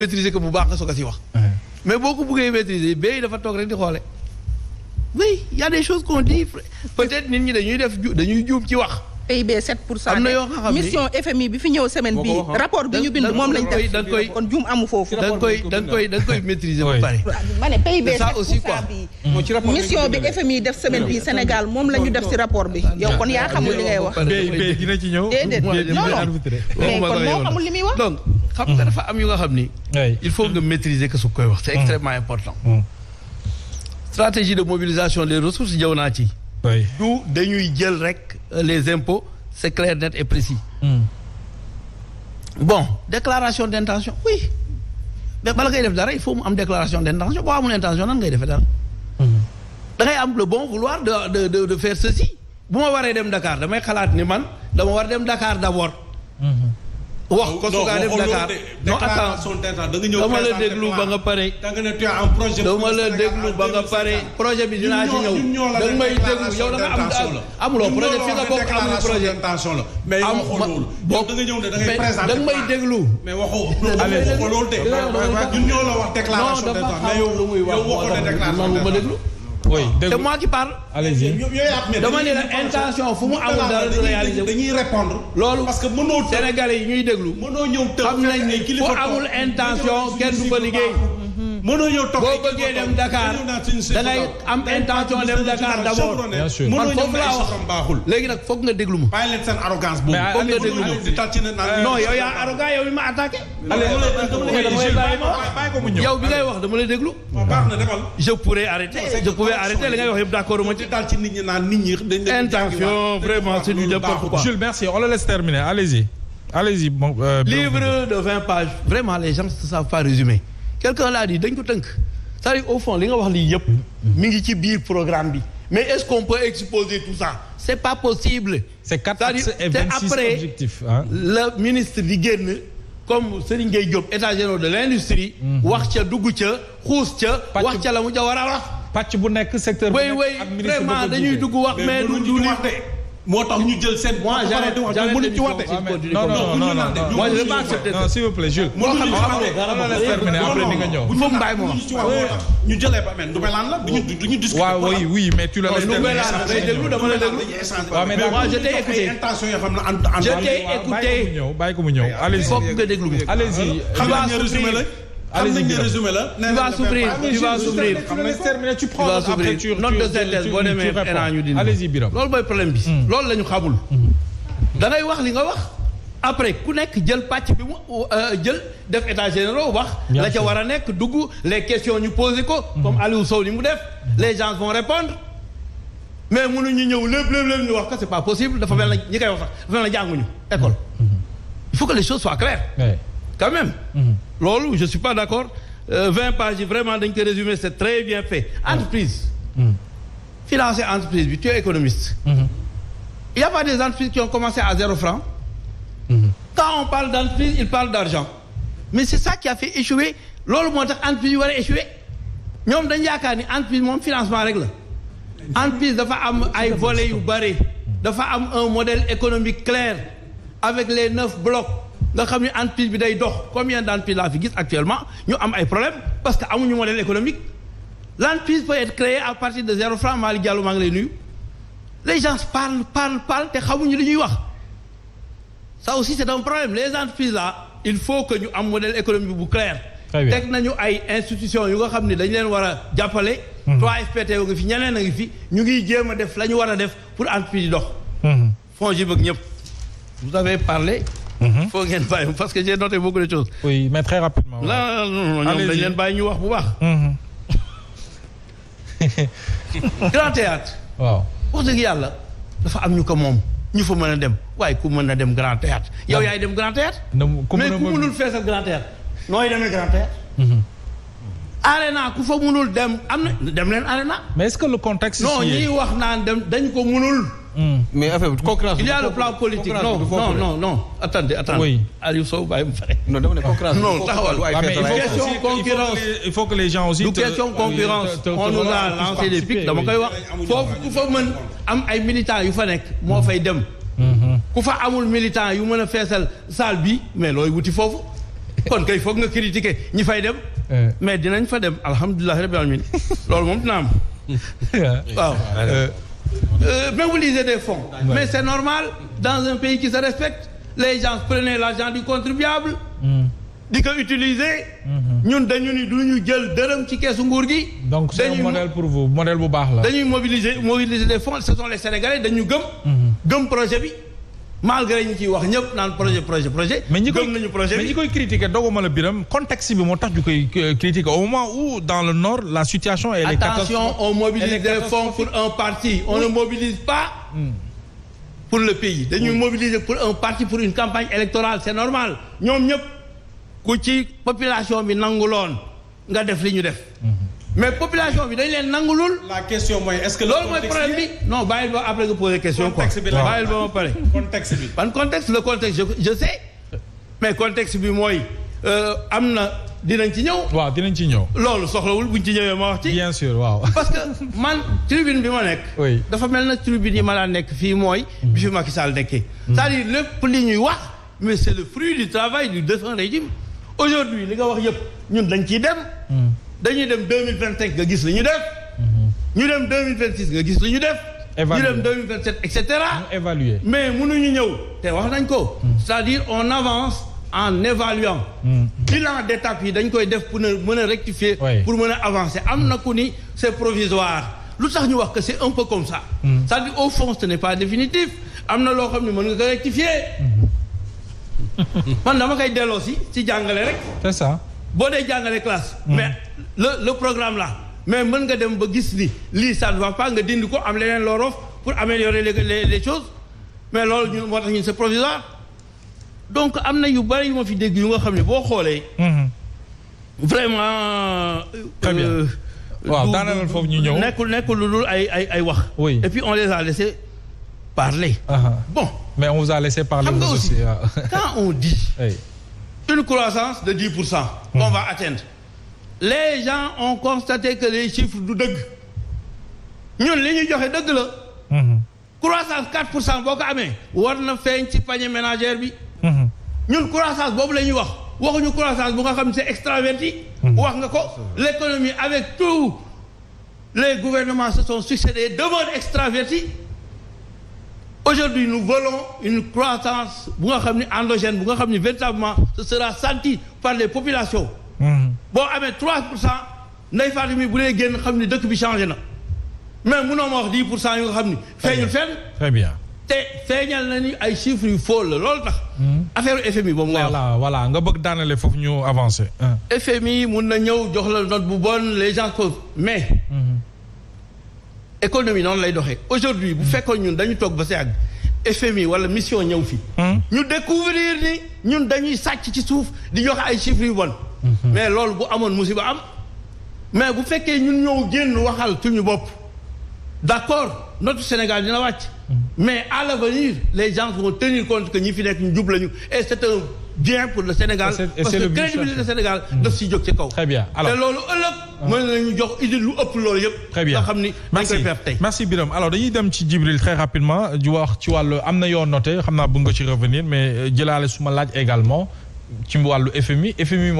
maîtriser ko bu baax nga soog a si wax. mais boo ko bëggee maîtriser bee di xoole. oui y a des choses qu'on dit peut-être nit ci wax. PIB 7 pour cent am na yoo xam ne mission FMI bi fi ñëw semaine bi rapport bi ñu bind moom lañ def da koy kon juum amu foofu. da koy da nga koy da nga koy maîtriser ba pare. ma ne PIB 7 pour cent bi mm. mission bi FMI def semaine bi Sénégal moom la ñu def si rapport bi yow kon yaa xamul li ngay wax. déedéet non non mais kon moo xamul li muy wax. xam nga dafa am yu nga xam ni. il faut nga maîtriser que su koy wax. c'est mm. extrêmement important. Mm. stratégie de mobilisation des ressources jëw naa ci. du dañuy jël rek euh, les impôts c'est clair net et précis. Mm. bon déclaration d'intention oui mais bala ngay def dara il faut mu am déclaration d'intention boo amul intention nan ngay defee dara. da am le bon vouloir de de de ceci bu ma waree dem Dakar damay xalaat ni man dama war dem Dakar d'abord. Mm-hmm. wax ko su kaa def Dakar non attends dama la déglu ba nga pare dama la déglu ba nga pare projet bi dinaa ci ñëw da nga may déglu yow da nga am amuloo projet fi nga bokk amul projet am ma bokk da nga may déglu mais waxoo loolu de ñun ñoo la wax déclaration d'intention mais yow waxoo déclaration d'intention oui ah. te moi qui parle. allez-y dama intention fu mu amul dara du réaliser dañuy loolu parce ñuy déglu. fu amul intention kenn du ko liggéey. mënoo ñëw toog boo bëggee dem Dakar da ngay am intention dem Dakar d'abord. bien sûr nag foog nga déglu ma. bàyyi leen seen ma non yow yaa arrogant yow mi ma attaqué. bi ngay wax dama lay déglu. baax na demal. je pouvais arrêter li ngay wax yëpp d'accord ma ci. daal ci nit ñi naan nit ñi dañ intention vraiment c'est du n'importe Jules merci on terminer allez-y. allez-y euh, livre de vingt pages. vraiment les gens ne savent pas résumer. quelqu'un l'a dit dañ ko tënk cest à au fond li nga wax lii yëpp mi ngi ci biir programme bi mais est-ce qu'on peut exposer tout ça c'est pas possible c'est quatre axes et 26 objectifs hein le ministre di génn comme Serigne Gueye Diop état général de l'industrie mhm. wax ca dugg ca xuus ca wax ca la mu ca a wax pàcc bu nekk secteur bu nekk ak ministre dañuy dugg wax mais du du moo tax ñu jël seen. moi j' arrête wax ñu mënuñ ci woote. Ah, non non non non moi je vais pas accepter. non s'il vous plaît Jules. moo xam ñu jëlee ba mel Ndoumbelane la. duñu duñu discuter waaw oui oui mais tu la laisses terminer. dama la déglu waaw je t'ai écouté. je t'ai écouté. bàyyi ko mu ñëw bàyyi ko mu ñëw. allez-y foog nga déglu allez-y. xam naa ne résumé la. allez xam la. nee naa tu vas souffrir tu vas souffrir tu prends loolu mooy problème bi. Mm. loolu la ñu xamul. Mm. da ngay wax li nga wax. après ku nekk jël pàcc bi mu euh, jël def état généraux wax. la ca war a nekk dugg les questions ñu posé ko. Mm. comme Aliou Sow li mu def. les gens vont répondre mais mënuñu ñëw lépp lépp lépp ñu wax ko c'est pas possible dafa mel na ñi koy wax sax dafa mel na jànguñu école. il faut que les choses soient claires. quand même. loolu je suis pas d'accord euh, vingt pages yi vraiment dañ ko résumé c'est très bien fait entreprise hmm. financer entreprise bi tu économiste hmm. il y a pas des entreprises qui ont commencé à zéro franc hmm. quand on parle d'entreprise il parle d'argent mais c'est ça qui a fait échouer loolu moo tax entreprise yi war a échouer ñoom dañ yaakaar ni entreprise moom financement rek la entreprise dafa am ay volets yu bëri dafa am un modèle économique clair avec les neuf blocs nga xam ne entreprise bi day dox combien d'entreprises laa fi gis actuellement ñu am ay problème parce que amuñu modèle économique l'entreprise peut être créée à partir de zéro franc Malick Diallo maa ngi lay nuyu les gens parlent parlent parlent te xamuñu li ñuy wax sa aussi c'est un problème les entreprises là il faut que ñu am modèle économique bu clair teg nañu ay institution yu nga xam ne dañu leen war a jàppale 3FPT mhm. nga fi ñeneen a ngi fi ñu ngi jéem a def la ñu war a def pour entreprise yi dox mhm. fonds yi ñëpp vous avez Mhm. faut ngeen bàyyi parce que j'ai noté beaucoup de choses. mais très rapidement. là non leen bàyyi ñu wax bu baax. Mhm. grand théâtre waaw wax dëgg yàlla dafa am ñu ko moom ñu fa mën a dem waaye ku mën a dem grand théâtre yow yaay dem grand théâtre mais ku mënul feesal grand théâtre nooy demee grand théâtre mhm. arena ku fa mënul dem am na dem leen arena mais est-ce que le contexte non ñii wax naan dem dañ ko mënul Mm. mais affaire bi concurrence. il y a plan politique non non non non. attendez attendez oui Aliou mu pare. non dama ne concurrence. non mais question concurrence il faut que les gens aussi. du question concurrence on nous a lancé dama koy wax. foofu ku fa mën am ay militants yu fa nekk moo fay dem. Mm-hmm. ku fa amul militant yu mën a feesal salle bi mais looy wuti foofu kon kay foog nga critiquer ñi fay dem. Eh. mais dinañ fa dem alhamdulilah rabbil alamin loolu moom dina am waaw. Eh. euh, mobiliser des fonds. Ouais. Mais c'est normal, dans un pays qui se respecte, les gens prenaient l'argent du contribuable. Mm. di ko utiliser. Mm-hmm. ñun dañu ni du ñu jël dërëm ci keesu nguur gi. donc c'est un modèle pour vous modèle bu baax la. dañuy mobiliser mobiliser des fonds ce sont les Sénégalais dañu gëm. Mm-hmm. gëm projet bi. malgré ñi ciy wax ñëpp naan projet projet projet. mais ñi koy gëm nañu projet bi mais ñi koy critiquer doguma la biram contexte bi moo tax ñu koy euh, critiquer au moment où dans le la situation. est attention on mobilise des fonds pour un parti on ne mobilise pas. Hmm. pour le pays dañuy mobiliser pour un parti pour une campagne électorale c'est normal ñoom ñëpp ku ci population bi nanguloon nga def li ñu def. Hmm. mais population bi dañ leen nangulul. la question mooy est-ce que. loolu mooy problème bi non bàyyil ba après nga poser question. quoi bàyyil ba ma pare. contexte bi ban contexte le contexte je sais. mais contexte bi mooy euh, am na dinañ ci ñëw. waaw dinañ ci ñëw. loolu soxlawul buñ ci ñëwee ma wax ci. bien sûr waaw. parce que man tribune bi ma nekk. oui dafa mel na tribune yi ma laa nekk fii mooy. Mm. bi fi Macky Sall nekkee. Mm. c'est-à-dire lépp li ñuy wax mais c'est le fruit du travail du défunt régime aujourd'hui li nga wax yëpp ñun dañ ciy dem. Mm. dañuy dem deux mille vingt cinq nga gis li ñu def. ñu dem deux vingt six nga gis li ñu def. évaluer ñu dem deux et cetera. évaluer mais mënuñu ñëw te wax nañ ko. Mm. c'est-à-dire on avance en évaluant. Mm. Mm. bilan d'étape yi dañ koy def pour mën a rectifier. pour mën a avancer am na ku ni c'est provisoire. lu sax ñu wax ko c'est un peu comme sa cest dire au fond ce n'est pas définitif am na loo xam ne mën nga ko rectifier. man dama koy delloo si ci jàngale rek. ça. boo dee jàngale classe. Hmm. mais le le programme la mais mën nga dem ba gis ni lii sa ne va pas nga dindi ko am leneen loo pour améliorer les choses mais loolu ñun moo tax ñun c'est provisoire. donc am na yu bari yu ma fi dégg yu nga xam ne boo xoolee. Hmm. vraiment. très bien euh, waaw daanaka ñu ñëw. nekkul nekkul lu dul ay ay wax. oui on les a laissé parler. Uh bon mais on vous a laissé parler. vous aussi xam nga ah. quand on dit. une croissance de 10 pour cent. on mmh. va atteindre. les gens ont constaté que les chiffres du dëgg ñun li joxe dëgg la. Mmh. croissance quatre pour cent boo ko amee war na feeñ ci panier ménagère bi. Mmh. ñun croissance boobu la ñuy wax waxuñu croissance bu nga xam ne c'est extraverti. wax nga ko l'économie avec tous les gouvernements se sont succédés demeure extraverti. aujourd'hui nous voulons une croissance bu nga xam ni endogène bu nga xam ni véritablement ce sera senti par les populations. Hmm. boo amee 3 pour cent nday fàttali mi bu dee génn xam ni dëkk bi changé na mais mënoo ma wax 10 pour cent yu nga xam ni. feeñul fenn. très bien te na ni ay chiffres yu faux la loolu tax. Hmm. affaire FMI boobu nga. voilà voilà nga bëgg daanale foofu ñu avancer. FMI mun na ñëw jox la note bu bonne les gens peuvent mais. Hmm. économie noonu lay doxee aujourd'hui bu fekkoon ñun dañu toog ba si àgg FMI wala mission ñëw fi hmm? ñu découvrir ni ñun dañuy sàcc ci suuf di joxe ay chiffres yu bon hmm. mais loolu bu amoon musiba am mais bu fekkee ñun ñoo génn waxal suñu bopp d'accord notre Sénégal dina wàcc hmm. mais à l'avenir les gens vont tenir compte que ñi fi nekk ñu jub lañu et c'est un bien pour le Sénégal. Et parce que crédibilité Sénégal daf si jóg ci kaw. très bien alors te loolu ëllëg. mën nañu jox idée lu ëpp loolu yëpp. très bien nga xam ni dañ koy perte tey. merci Birame alors dañuy dem ci Djibril très rapidement di wax ci wàllu am na yoo noté xam naa bëgg nga ci revenir mais euh, jëlaale suma laaj également ci wàllu FMI FMI